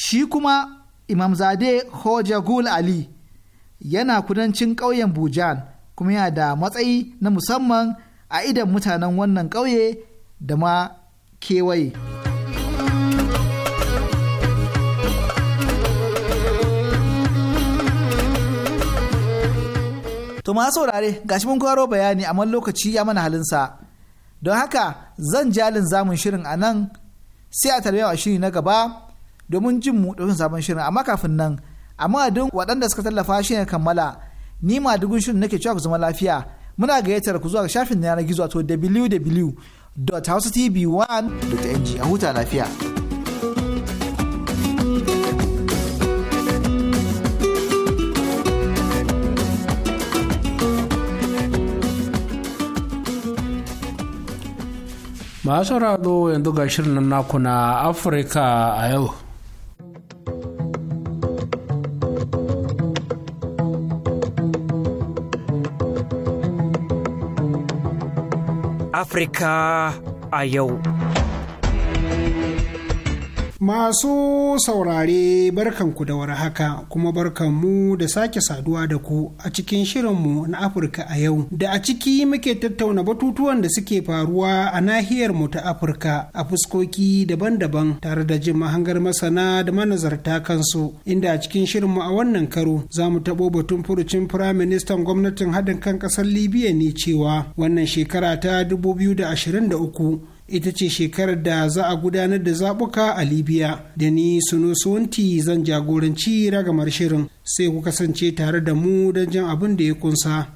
shi kuma imamzade hoja gul ali yana kudancin ƙauyen bujan kuma yana da matsayi na musamman a idan mutanen wannan ƙauye da ma kewaye. To ma saurare gashi mun kwaro bayani amma lokaci ya mana halinsa. Don haka zan jalin zamun shirin a nan sai a tarbiyyar shiri na gaba domin jin mu ɗaukin sabon shirin amma kafin nan a duk waɗanda suka tallafa shi ne kammala ni ma dugun shirin nake cewa ku zama lafiya muna gayyatar ku zuwa shafin yanar gizo to www.hausatv1.ng a huta lafiya. masu sauraro yanzu ga shirin naku na afirka a yau Afirka a yau. Masu saurare barkanku da war haka kuma barkanmu da sake saduwa da ku a cikin shirinmu na Afirka a yau da a ciki muke tattauna batutuwan da suke faruwa a nahiyar mu ta Afirka a fuskoki daban-daban tare da jin mahangar masana da manazarta kansu inda a cikin shirinmu a wannan karo za mu taɓo batun furucin firaministan gwamnatin haɗin kan ƙasar Libya ne cewa wannan shekara ta biyu da da ashirin uku. ita ce shekarar da za a gudanar da zaɓuka a libya da ni suno suwanti zan jagoranci ragamar shirin sai ku kasance tare da mu don jan abin da ya kunsa.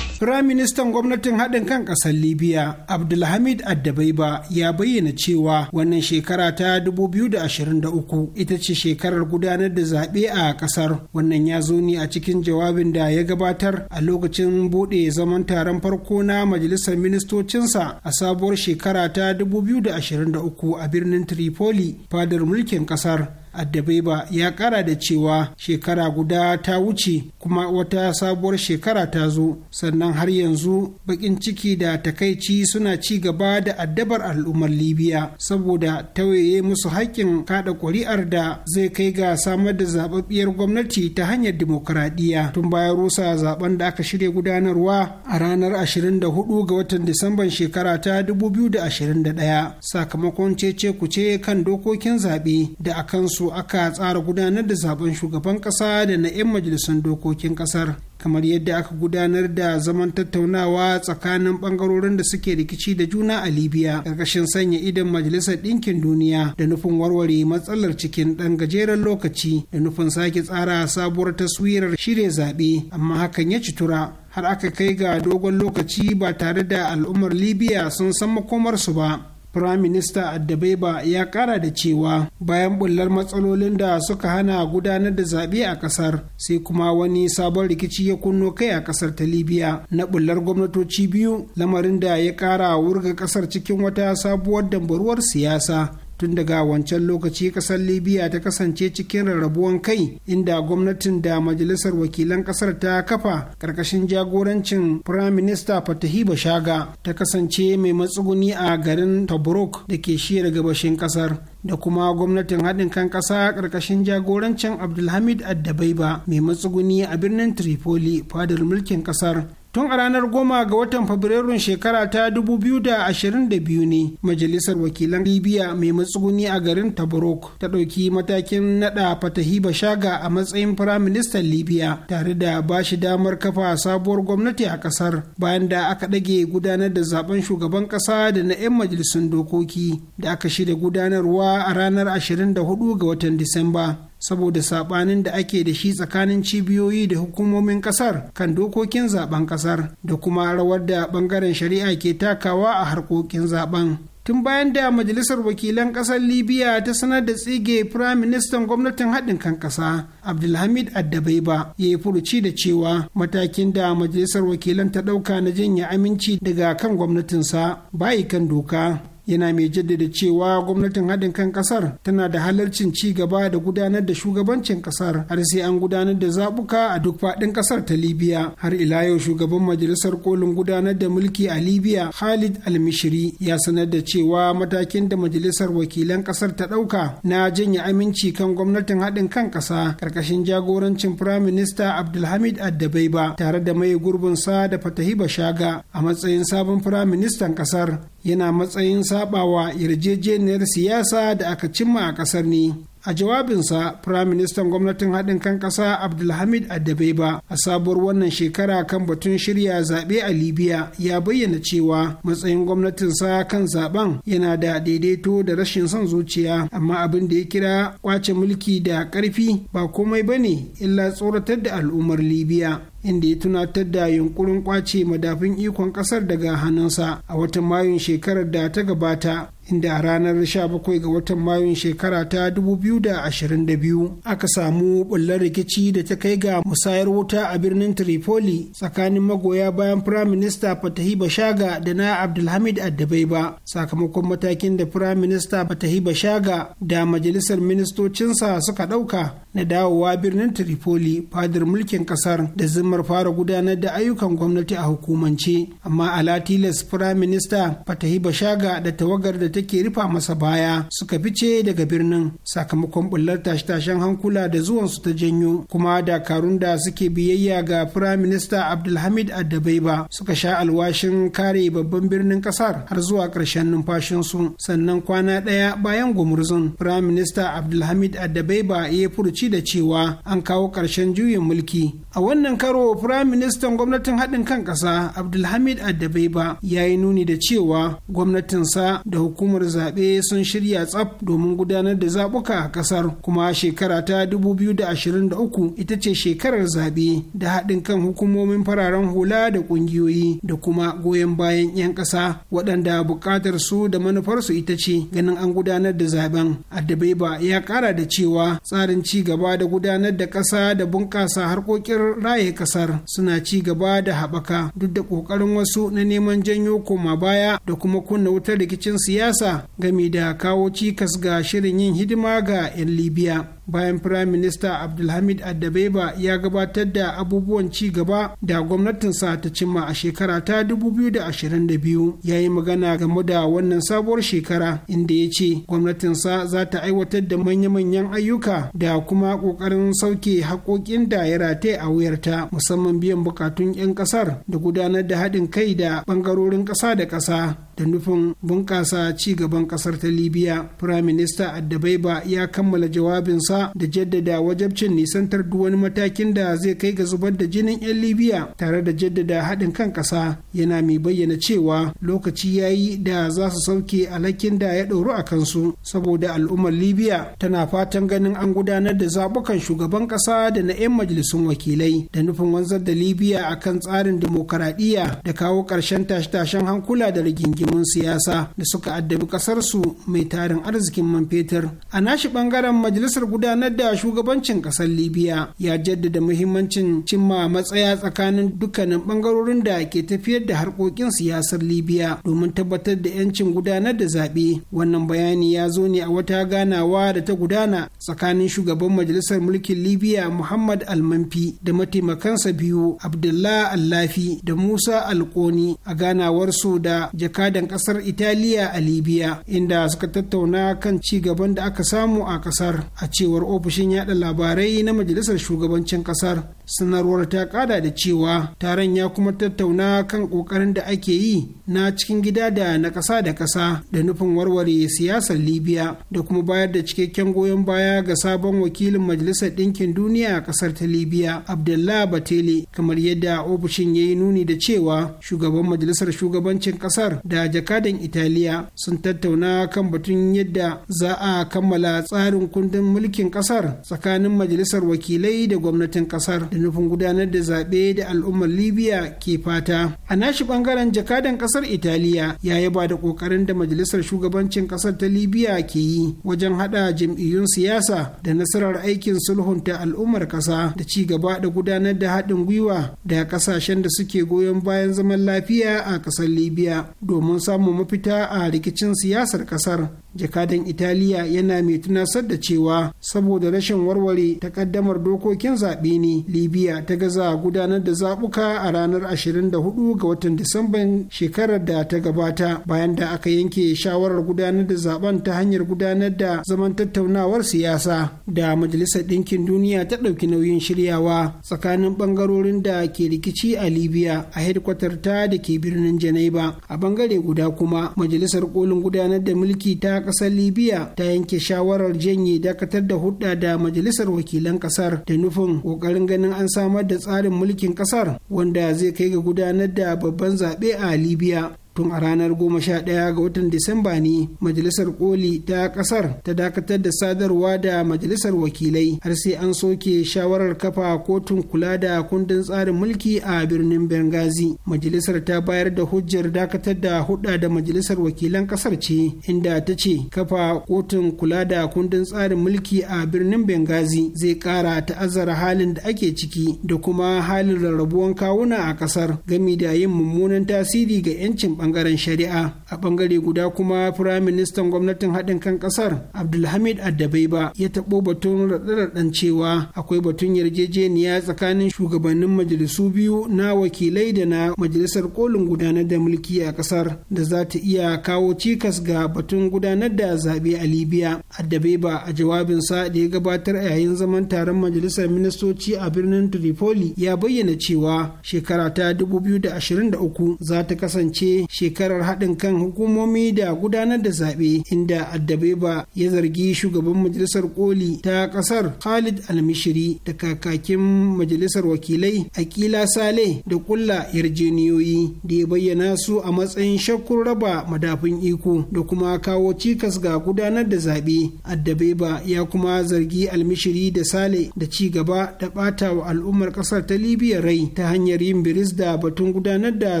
Firaministan gwamnatin haɗin kan ƙasar Libya, Abdulhamid Addabaiba ya bayyana cewa wannan shekara ta 2023 ita ce shekarar gudanar da zaɓe a ƙasar. Wannan ya zo ne a cikin jawabin da ya gabatar a lokacin buɗe zaman taron farko na Majalisar Ministocinsa a sabuwar shekara ta 2023 a birnin Tripoli, fadar mulkin ƙasar. addabeba ya kara da cewa shekara guda ta wuce kuma wata sabuwar shekara ta zo sannan har yanzu bakin ciki da takaici suna ci gaba da addabar al'ummar libya saboda tawaye musu haƙƙin kada ƙuri'ar da zai kai ga samar da zababbiyar gwamnati ta hanyar dimokuraɗiyya tun bayan rusa zaben da aka shirya gudanarwa a ranar 24 ga watan disamban shekara ta 2021 sakamakon cece kuce kan dokokin zaɓe da akansu su aka tsara gudanar da zaben shugaban kasa da na 'yan majalisun dokokin kasar kamar yadda aka gudanar da zaman tattaunawa tsakanin bangarorin da suke rikici da juna a libya ƙarƙashin sanya idon majalisar ɗinkin duniya da nufin warware matsalar cikin ɗan gajeren lokaci da nufin sake tsara sabuwar taswirar shirya zaɓe amma hakan ya citura har aka kai ga dogon lokaci ba tare da al'ummar libya sun san makomarsu ba Firaminista Addabeba ya kara da cewa bayan bullar matsalolin da suka hana gudanar da zaɓe a ƙasar sai kuma wani sabon rikici ya kunno kai a ƙasar ta Libya na bullar gwamnatoci biyu lamarin da ya ƙara wurga ƙasar cikin wata sabuwar dambaruwar siyasa. tun daga wancan lokaci kasar libya ta kasance cikin rarrabuwan kai inda gwamnatin da majalisar wakilan kasar ta kafa karkashin jagorancin prime minister fatahi bashaga ta kasance mai matsuguni a garin tobruk da ke shiyar gabashin kasar da kuma gwamnatin haɗin kan ƙasa ƙarƙashin jagorancin abdulhamid addabaiba mai matsuguni a birnin tripoli fadar mulkin ƙasar tun a ranar goma ga watan fabrairun shekara ta 2022 ne majalisar wakilan libya mai matsuguni a garin tabarok ta ɗauki matakin naɗa fatahi shaga a matsayin firaministan libya tare da ba shi damar kafa sabuwar gwamnati a ƙasar bayan da aka ɗage gudanar da zaben shugaban ƙasa da na 'yan majalisun dokoki da aka shirya gudanarwa a ranar 24 ga watan disamba saboda saɓanin da ake da shi tsakanin cibiyoyi da hukumomin kasar kan dokokin zaben kasar da kuma rawar da bangaren shari'a ke takawa a harkokin zaben tun bayan da majalisar wakilan kasar libya ta sanar da tsige prime ministan gwamnatin haɗin kan ƙasa abdulhamid addabaiba ya yi furuci da cewa matakin da majalisar wakilan ta ɗauka na janye aminci daga kan gwamnatinsa bayi kan doka yana mai jaddada cewa gwamnatin haɗin kan ƙasar tana da halarcin ci gaba da gudanar da shugabancin ƙasar har sai an gudanar da zaɓuka a duk faɗin ƙasar ta libya har ila yau shugaban majalisar kolin gudanar da mulki a libya khalid almishiri ya sanar da cewa matakin da majalisar wakilan ƙasar ta ɗauka na janye aminci kan gwamnatin haɗin kan ƙasa ƙarƙashin jagorancin firaminista abdulhamid addabaiba tare da mai gurbinsa da fatahi bashaga a matsayin sabon firaministan ƙasar yana matsayin sabawa yarjejeniyar siyasa da aka cimma a kasar ne a jawabinsa firaministan gwamnatin haɗin kan ƙasa abdulhamid addabeba a sabuwar wannan shekara kan batun shirya zaɓe a libya ya bayyana cewa matsayin gwamnatinsa kan zaɓen yana da daidaito da rashin son zuciya amma abin da ya kira kwace mulki da ƙarfi ba komai ba ne illa tsoratar da al'ummar libya inda ya tunatar da yunkurin kwace madafin ikon ƙasar daga hannunsa a watan mayun shekarar da ta gabata inda a ranar 17 ga watan mayun shekara ta 2022 aka samu bullar rikici da ta kai ga musayar wuta a birnin Tripoli tsakanin magoya bayan Prime Minister Fatahi Bashaga da na Abdulhamid Addabaiba sakamakon matakin da Prime Minister Fatahi Bashaga da majalisar ministocinsa suka ɗauka na dawowa birnin Tripoli fadar mulkin kasar da zimmar fara gudanar da ayyukan gwamnati a hukumance amma ala tilas Prime Minister Fatahi Bashaga da tawagar da take rufa masa baya suka fice daga birnin sakamakon bullar tashe-tashen hankula da zuwansu ta janyo kuma dakarun da suke biyayya ga firayim minista abdulhamid addabaiba suka sha alwashin kare babban birnin kasar har zuwa ƙarshen numfashinsu sannan kwana ɗaya bayan gumurzun firayim minista abdulhamid addabaiba ya furci da cewa an kawo ƙarshen juyin mulki a wannan karo firayim ministan gwamnatin haɗin kan ƙasa abdulhamid addabaiba ya yi nuni da cewa gwamnatinsa da hukumar hukumar zaɓe sun shirya tsaf domin gudanar da zaɓuka a ƙasar kuma shekara ta 2023 ita ce shekarar zaɓe da haɗin kan hukumomin fararen hula da ƙungiyoyi da kuma goyon bayan 'yan ƙasa waɗanda buƙatar su da manufarsu ita ce ganin an gudanar da zaɓen addabaiba ya ƙara da cewa tsarin ci gaba da gudanar da ƙasa da bunƙasa harkokin raye ƙasar suna ci gaba da haɓaka duk da ƙoƙarin wasu na neman janyo koma baya da kuma kunna wutar rikicin siyasa ƙasa game da kawo cikas ga shirin yin hidima ga 'yan libya bayan Prime Minister abdulhamid Adabeba ya gabatar da abubuwan ci gaba da gwamnatinsa ta cimma a shekara ta 2022 ya yi magana game da wannan sabuwar shekara inda ya ce gwamnatinsa za ta aiwatar da manya-manyan ayyuka da kuma ƙoƙarin sauke haƙoƙin da ya rata a wuyarta musamman biyan bukatun 'yan ƙasar da gudanar da haɗin kai da ɓangarorin ƙasa da ƙasa da nufin bunƙasa ci gaban ƙasar ta libya Prime Minister Adabeba ya kammala jawabinsa ƙasa da jaddada wajabcin nisantar duk wani matakin da zai kai ga zubar da jinin 'yan libya tare da jaddada haɗin kan ƙasa yana mai bayyana cewa lokaci ya yi da za su sauke alhakin da ya ɗoru a kansu saboda al'ummar libya tana fatan ganin an gudanar da zaɓukan shugaban ƙasa da na 'yan majalisun wakilai da nufin wanzar da libya kan tsarin dimokuraɗiyya da kawo ƙarshen tashe-tashen hankula da rigingimun siyasa da suka addabi ƙasarsu mai tarin arzikin man fetur a nashi ɓangaren majalisar gudanar da shugabancin ƙasar libya ya jaddada muhimmancin cimma matsaya tsakanin dukkanin ɓangarorin da ke tafiyar da harkokin siyasar libya domin tabbatar da 'yancin gudanar da zaɓe wannan bayani ya zo ne a wata ganawa da ta gudana tsakanin shugaban majalisar mulkin libya muhammad almanfi da mataimakansa biyu abdullah allafi da musa alkoni a ganawar su da jakadan ƙasar italiya a libya inda suka tattauna kan ci gaban da aka samu a ƙasar a cewa cewar ofishin yada labarai na majalisar shugabancin kasar sanarwar ta kada da cewa taron ya kuma tattauna kan kokarin da ake yi na cikin gida da na kasa da kasa da nufin warware siyasar libya da kuma bayar da cikakken goyon baya ga sabon wakilin majalisar ɗinkin duniya a kasar ta libya abdullah batele kamar yadda ofishin ya yi nuni da cewa shugaban majalisar shugabancin kasar da jakadan italiya sun tattauna kan batun yadda za a kammala tsarin kundin mulkin gwamnatin kasar tsakanin majalisar wakilai da gwamnatin kasar da nufin gudanar da zaɓe da al'ummar libya ke fata a nashi bangaren jakadan kasar italiya ya yaba da kokarin da majalisar shugabancin kasar ta libya ke yi wajen haɗa jam'iyyun siyasa da nasarar aikin sulhunta al'ummar kasa da ci gaba da gudanar da haɗin gwiwa da kasashen da suke goyon bayan zaman lafiya a kasar libya domin samun mafita a rikicin siyasar kasar jakadan italiya yana mai tunasar da cewa saboda rashin warware takaddamar dokokin zaɓe ne libya ta gaza gudanar da zaɓuka a ranar 24 ga watan disamban shekarar da ta gabata bayan da aka yanke shawarar gudanar da zaben ta hanyar gudanar da zaman tattaunawar siyasa da majalisar ɗinkin duniya ta ɗauki nauyin shiryawa tsakanin ɓangarorin da ke rikici a libya a hedkwatar ta da ke birnin janeba a bangare guda kuma majalisar kolin gudanar da mulki ta ƙasar libya ta yanke shawarar janye dakatar da hudda da majalisar wakilan ƙasar da nufin ƙoƙarin ganin an samar da tsarin mulkin ƙasar wanda zai kai ga gudanar da babban zaɓe a libya tun a ranar 11 ga watan Disamba ne majalisar koli ta kasar ta dakatar da sadarwa da majalisar wakilai har sai an soke shawarar kafa kotun kula da kundin tsarin mulki a birnin Benghazi. Majalisar ta bayar da hujjar dakatar da hudda da majalisar wakilan kasar ce inda ta ce kafa kotun kula da kundin tsarin mulki a birnin Benghazi zai kara ta'azzara halin da ake ciki da kuma halin rarrabuwan kawuna a kasar gami da yin mummunan tasiri ga 'yancin bangaren shari'a a bangare guda kuma firaministan gwamnatin haɗin kan ƙasar abdulhamid addabaiba ya taɓo batun raɗe cewa akwai batun yarjejeniya tsakanin shugabannin majalisu biyu na wakilai da na majalisar kolin gudanar da mulki a ƙasar da za ta iya kawo cikas ga batun gudanar da zaɓe a libya addabaiba a jawabinsa da ya gabatar a yayin zaman taron majalisar ministoci a birnin tripoli ya bayyana cewa shekara ta 2023 za ta kasance shekarar haɗin kan hukumomi da gudanar da zaɓe inda addabeba ya zargi shugaban majalisar koli ta ƙasar khalid almishiri da kakakin majalisar wakilai akila sale da kulla yarjeniyoyi da ya bayyana su a matsayin shakkun raba madafin iko da kuma kawo cikas ga gudanar da zaɓe addabeba ya kuma zargi almishiri da sale da ci gaba da ɓata wa al'ummar ƙasar ta libya rai ta hanyar yin biris da batun gudanar da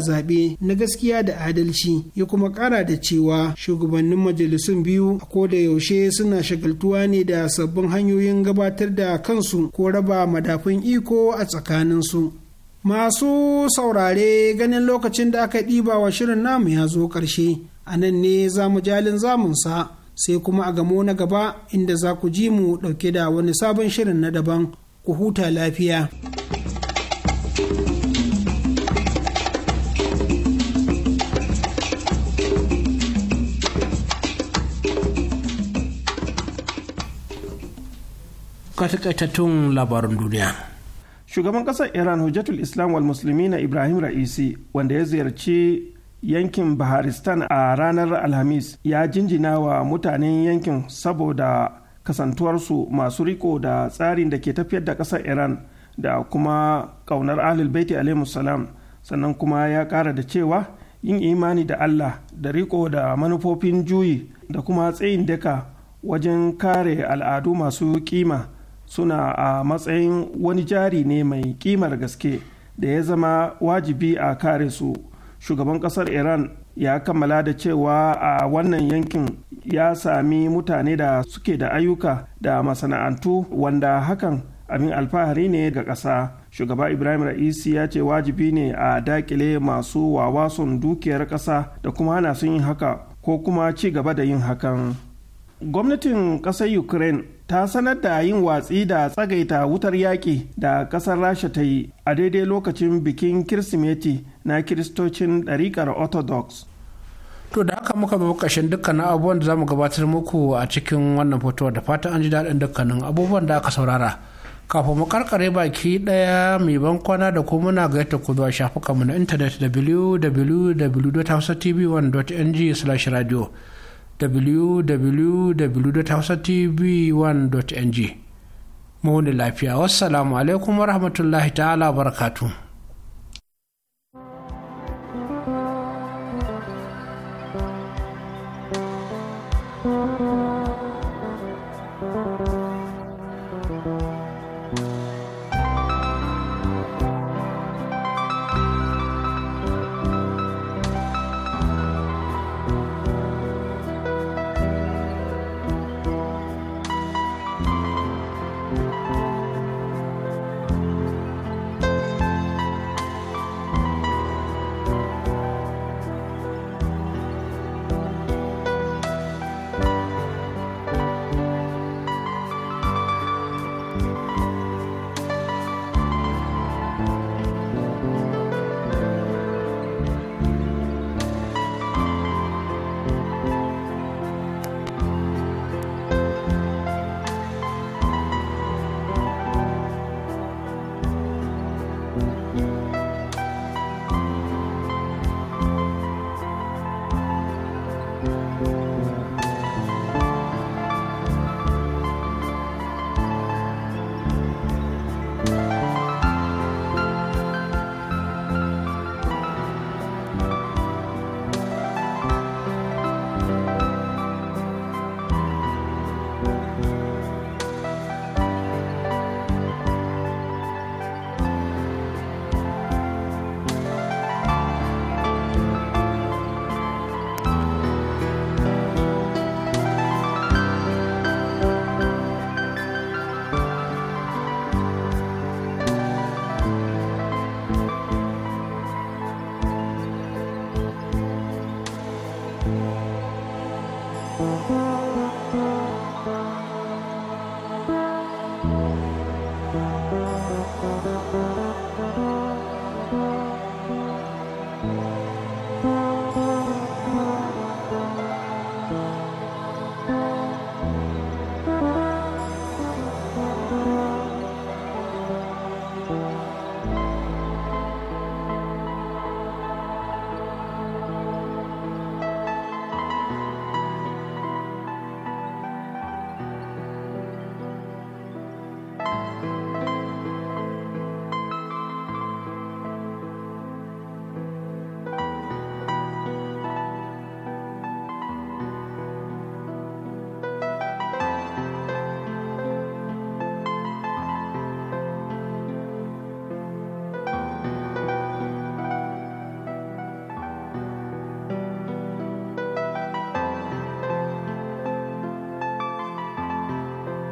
zaɓe na gaskiya da adalci ya kuma kara da cewa shugabannin majalisun biyu a ko da yaushe suna shagaltuwa ne da sabbin hanyoyin gabatar da kansu ko raba madafin iko a tsakaninsu masu saurare ganin lokacin da aka ɗiba wa shirin namu ya zo ƙarshe a nan ne za mu jalin zamunsa sai kuma a gamo na gaba inda za ku ji mu ɗauke da wani sabon shirin na daban ku huta lafiya. ga takaitattun labarin duniya. Shugaban ƙasar Iran Hujjatul Islam wal na Ibrahim Ra'isi wanda ya ziyarci yankin Baharistan a ranar Alhamis ya jinjina wa mutanen yankin saboda kasantuwarsu masu riko da tsarin da ke tafiyar da ƙasar Iran da kuma ƙaunar Ahlul Baiti salam sannan kuma ya ƙara da cewa yin imani da Allah da riko da manufofin juyi da kuma tsayin daka wajen kare al'adu masu kima suna a matsayin wani jari ne mai kimar gaske da ya zama wajibi a kare su shugaban kasar iran ya kammala da cewa a wannan yankin ya sami mutane da suke da ayyuka da masana'antu wanda hakan abin alfahari ne ga ƙasa shugaba ibrahim ra'isi ya ce wajibi ne a dakile masu wawason dukiyar ƙasa da kuma hana sun yin haka ko kuma ci gaba da yin hakan. gwamnatin ƙasar ukraine ta sanar da yin watsi da tsagaita wutar yaƙi da kasar rasha ta yi a daidai lokacin bikin kirsimeti na kiristocin ɗariƙar orthodox to da haka muka bi ƙarshen dukkanin abubuwan da zamu gabatar muku a cikin wannan fito da fata an ji daɗin dukkanin abubuwan da aka saurara kafin mu karkare baki ɗaya mai ban kwana da kuma muna gaita ku zuwa shafukanmu na intanet www.hausatv1.ng/radio www.hausatv1.ng mu wani lafiya wassalamu alaikum warahmatullahi ta'ala barakatuh